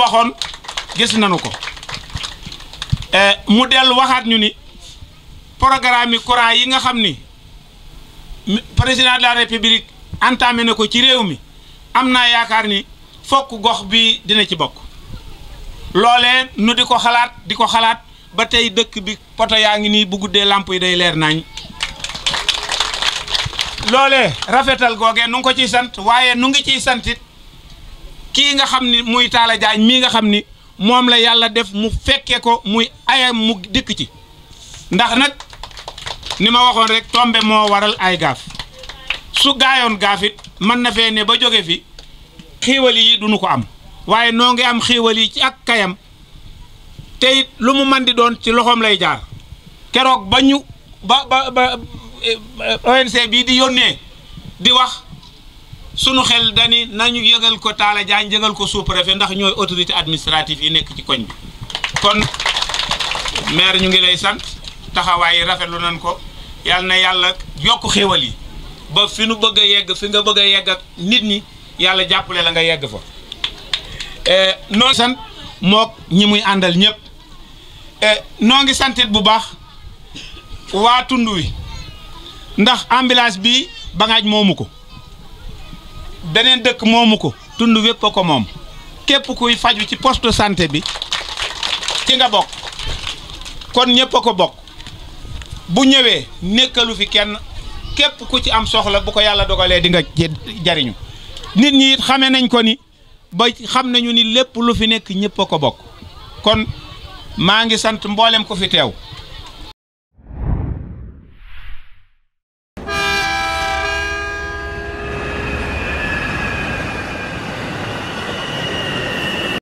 waxoon gis nañu ko eh, mu dellu waxaat ñu ni programme yi courant yi nga xam ni président de la république na ko ci réew mi am naa yaakaar ni fokk gox bi dina ci bokk loolee nu di ko xalaat di ko xalaat ba tey dëkk bi poto yaa ngi nii bu guddee làmp yi day leer nañ loolee rafetal googee nu ko ciy sant waaye nu ngi ciy santit kii nga xam ni muy Talla Diagne mii nga xam ni moom la yàlla def mu fekke ko muy ayam mu dikk ci ndax nag ni ma waxoon rek tombe moo waral ay gaaf su gaayoon gaafit it mën na fee ne ba jóge fi xiiwal yi duñu ko am waaye noo ngi am xiiwal yi ci ak kayam tey lu mu man di doon ci loxoom lay jaar keroog ba ñu ba ba ba eh, eh, ONC bii di yónnee di wax sunu xel dani nañu yëgal ko Talla Diagne yëgal ko sous-préfet ndax ñooy autorité administrative yi nekk ci koñ bi kon maire ñu ngi lay sant taxawaay yi rafetlu nan ko yal na yàlla yokk xéwal yi ba fi nu bëgg a yegg fi nga bëgg a yegg ak nit ñi yàlla jàppale la nga yegg fa e, noo sant mook ñi muy àndal ñëpp e, noo ngi santit bu baax waa tund wi ndax ambulance bi bangaaj moomu ko beneen dëkk moomu ko tund wépp ko moom képp kuy faju ci poste de santé bi ci nga bokk kon ñépp ko bokk bu ñëwee nekkalu fi kenn képp ku ci am soxla bu ko yàlla dogalee di nga jariñu nit ñi it xamee nañ ko ni ba xam nañu ni lépp lu fi nekk ñépp ko bokk kon maa ngi sant mboolem ko fi teew